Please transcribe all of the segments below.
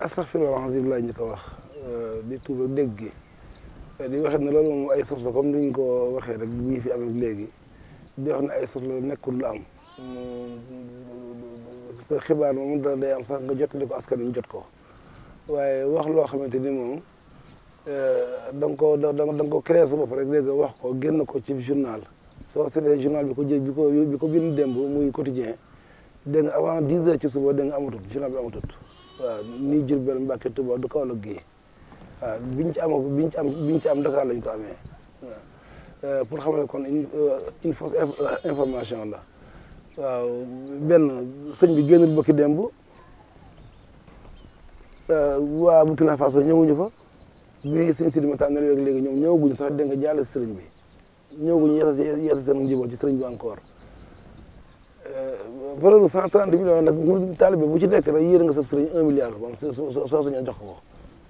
astaghfirullah azim laay njëkk a wax euh, di tuuba dégg gi euh, di waxit ne loolu moom ay source la comme ni ko waxee rek ñii fi amee léegi di wax ne ay source nekkul lu am mu que xibaar moom dara day am sax nga jottali ko askan wi jot ko waaye wax loo xamante ni moom euh, da nga ko da nga ko créé sa bopp rek dégg wax ko génn ko ci journal soo seetee journal bi ko jë bi ko bi ko bind démb muy quotidien dégg nga avant dix heures ci suba dégg nga amatut journal bi amatut waaw nii Diourbel Mbacke Touba du Kaolack gii waaw biñ ci am biñ ci am biñ ci am Dakar lañ ko amee waaw euh, pour xam ne kon une euh, fausse euh, information la waaw benn sëñ bi génnul bokki démb waa Burkina Faso ñëwuñu fa bi sëñ si di ma tànnal léegi ñoom ñëwaguñu sax dégg nga jàll sëriñ bi ñëw gu ñu yeesal yeesal seen njëbal ci sëriñ bi encore euh, valeur bu cent trente millions nag mu taalibe bu ci nekk rek yéene nga sab sëriñ un milliard bon soo soo sañoon jox ko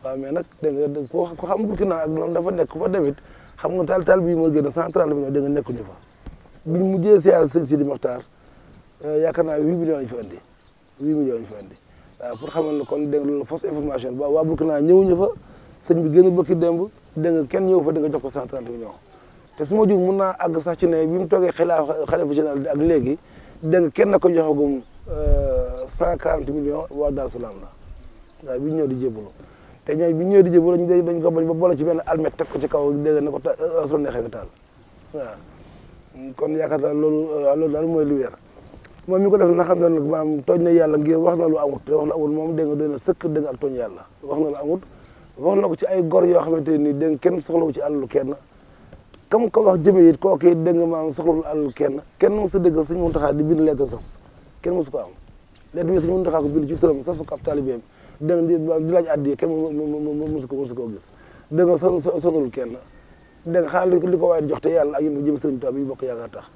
waaw mais ko xam Burkina ak loolu dafa nekk fa xam nga taal taal bi moo gën a cent trente millions dégg nga nekkuñu fa biñ mujjee siyaar sëñ Sidi Mokhtar euh, yaakaar naa huit millions lañ fa andi huit millions lañ fa andi waaw pour xamal ne kon dégg nga loolu fausse information ba waa Burkina ñëwuñu fa sëñ bi gën a bëkki démb dégg nga kenn ñëw fa di nga jox ko cent trente millions te su ma mun naa àgg sax ci ne bi mu toogee xilaafa xalifa général bi ak léegi dégg nga kenn ko joxagum euh, cent quarante millions waa Darou Salaam la bi ñu ñëw di jébalu te ñooñu bi ñu ñëw di jébalu ñu dégg dañ ko bañ ba boole ci benn almet teg ko ci kaw dégg na ko ta euh, euh, soo neexee nga taal waaw kon yaakaar naa loolu loolu daal mooy lu weer moom mi ko def na xam ne nag maam tooñ na yàlla ngir wax na lu amut te moom dégg nga doy na sëkk dégg ak tooñ yàlla wax na lu amut wax na ko ci ay gor yoo xamante nii dégg kenn soxlawu ci àlalu kenn comme ko wax jëme it kooku it dégg nga maanaam soxlul kenn kenn mosu dégg sëñ Muntaxa di bind lettre sas kenn mosu ko am lettre bi kenn mosu ko mosu koo gis dégg nga kenn dégg nga li ko waaye jox te yàlla ak yéen jëm sëriñ Tuubaa bi ñu bokk a tax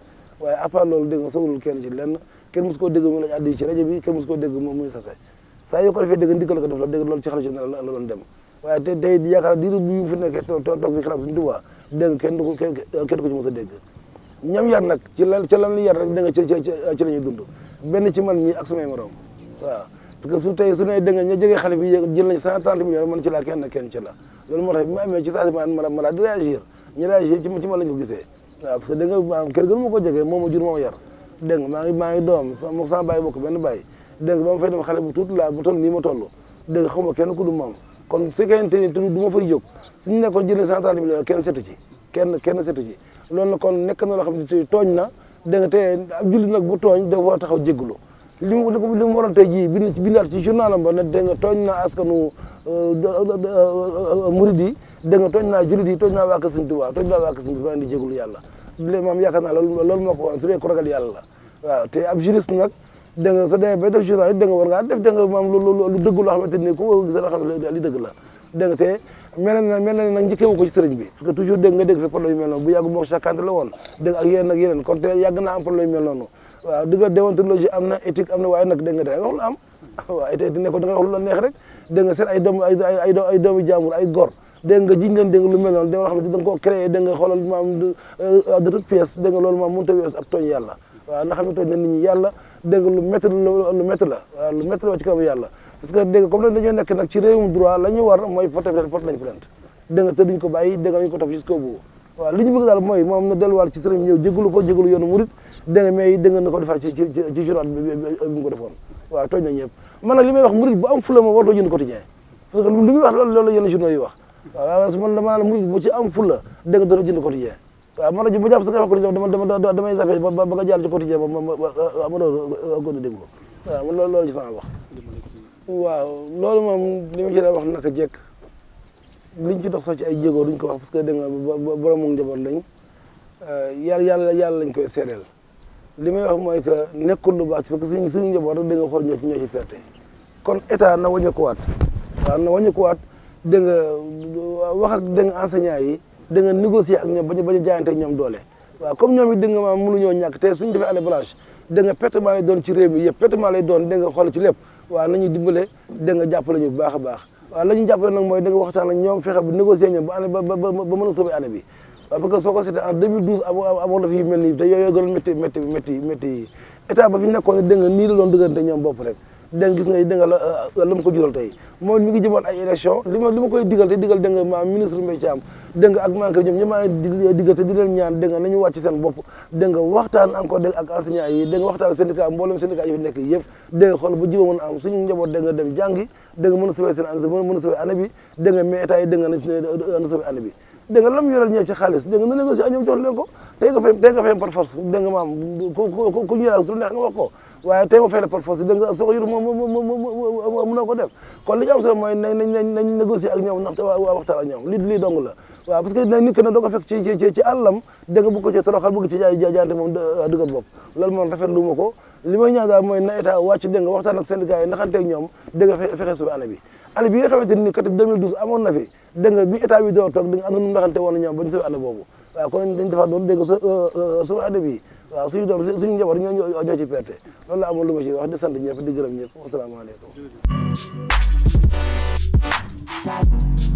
waaye à part loolu dégg nga soxlul kenn ci lenn kenn mosu koo dégg mu laaj addiye ci rajo bi kenn mosu koo dégg moom muy sase saa yoo ko defee dégg ndigal ko def loolu ci xel ci la dem waaye te tey yaakaar diiru bi mu fi nekkee toog toog fi xalaat suñu Tuubaa dégg kenn du ko ci mos a dégg ñam yar nag ci lan ci lan li yar rek da nga ci ci la ñuy dund benn ci man mii ak samay morom waaw parce que su tey su ne da nga ña jege xale bi jël nañ cent trente millions ci laa kenn kenn ci la loolu moo tax ko gisee waaw parce jege moom ma jur moom yar dégg nga maa ngi maa ngi doom sama sama bàyyi bokk benn bàyyi dégg nga ba ma fay dem xale bu tuut laa bu toll nii ma toll dégg nga xaw ma kenn ku du kon su fekkente ni du ma fay jóg suñu nekkoon jëlee cent trente millions kenn setu ci kenn kenn setu ci loolu na kon nekk na loo xam ne tooñ na da nga te ab jullit nag bu tooñ dafa war a taxaw jégalu li mu li mu waroon tey jii bind ci bindaat ci journalam ba ne da nga na askanu euh, nga tooñ naa jullit yi tooñ naa waa Kër Sëñ Tuubaa naa waa Kër Sëñ Tuubaa indi jégalu yàlla léegi maam yaakaar naa loolu loolu moo ko waral su dee ko ragal yàlla la waaw te ab juriste nag dégg nga sa demee ba def journaliste dégg nga war ngaa def dégg nga maam lu lu dëgg loo xamante ni te mel na mel na nag njëkkee wu ko ci sëriñ bi parce toujours dégg nga dégg fi problème yu bu yàgg moo sakante la woon nga déontologie am na na am waaw te ne nga wax nga seen ay doom ay ay ay nga jiñ leen dégg lu euh, a ak tooñ yàlla waaw na xam ne tooñ na nit ñi yàlla dégg lu métti lu métti la waaw lu métti la ci kaw yàlla parce que dégg comme dañoo nekk la ñu moom na delluwaat ci sëriñ may wax murit bu am fula ma warutoo jënd quotidien parce amara ji bu jàpp sa nga wax ko dama dama damay safé ba ba nga jaar ci quotidien ba amara ko di déglu waaw loolu loolu ci sama wax waaw loolu moom li ma ci daa wax naka jekk liñ ci dox sax ci ay jéego duñ ko wax parce que dégg nga borom mu njaboot lañ yàlla yàlla yàlla lañ koy seereel li wax mooy que nekkul lu baax parce que suñu suñu rek da nga xool ñoo ci ñoo ci perte kon état na wàññeekuwaat waaw na wàññeekuwaat dégg nga wax ak dégg nga enseignant yi da nga négocier ak ñoom ba ñu ba ñu doole waaw comme ñoom it da nga maam mënuñoo te suñu defee année blanche da nga pertement doon ci réew mi yëpp pertement lay doon baax a baax waaw la ñu jàppale nag waxtaan ñoom fexe ba négocier ñoom ba mën a sauver année bi waaw parce soo ko seetee en 2012 amoon na fi yu mel nii la doon dëggante ñoom bopp rek dégg gis ngay dégg nga la mu ko jural tey moom mi ngi jëmoon ay élection li ma koy digal te digal dégg nga maa ministre Mbaye Thiam ak manqué ñoom ñi maa digal te di leen ñaan dégg nga nañu wàcc seen bopp dégg nga waxtaan encore dégg ak enseignants yi dégg nga waxtaan syndicat mboolem syndicat yi fi nekk yëpp dégg nga xool bu jiba am suñu njaboot dégg nga dem jàngi dégg a sauver seen année mën a sauver année na sauver année dégg nga lam yoral ñee ci xaalis dégg nga na négocier ak ñoom jox leen ko tey nga fay tey maam ku ku ñu yàlla su neex waaye tey ma fay la par force dégg soo ko moom mën ko def kon li ñu am mooy nañ ak ñoom ndaxte waa dong la waaw parce que nag nit ki nag doo fekk ci ci ci àllam dégg nga bu ko ci ci jaay jaayante moom dëgër bopp loolu moom rafetlu ma ko li may ñaan daal mooy na état wàcc dégg nga waxtaan ak syndicat yi ndaxanteeg ñoom dégg nga fexe subi année bi année bi nga ni kat 2012 amoon na fi dégg nga bi état bi door toog dégg nga am na nu mu ndaxante woon ba ñu subi année boobu waaw kon dañ defaat doon dégg nga euh, euh, subi année bi waaw suñu doon suñu njaboot ñoo ñoo ci perte loolu la amoon lu ma ci wax di sant ñëpp di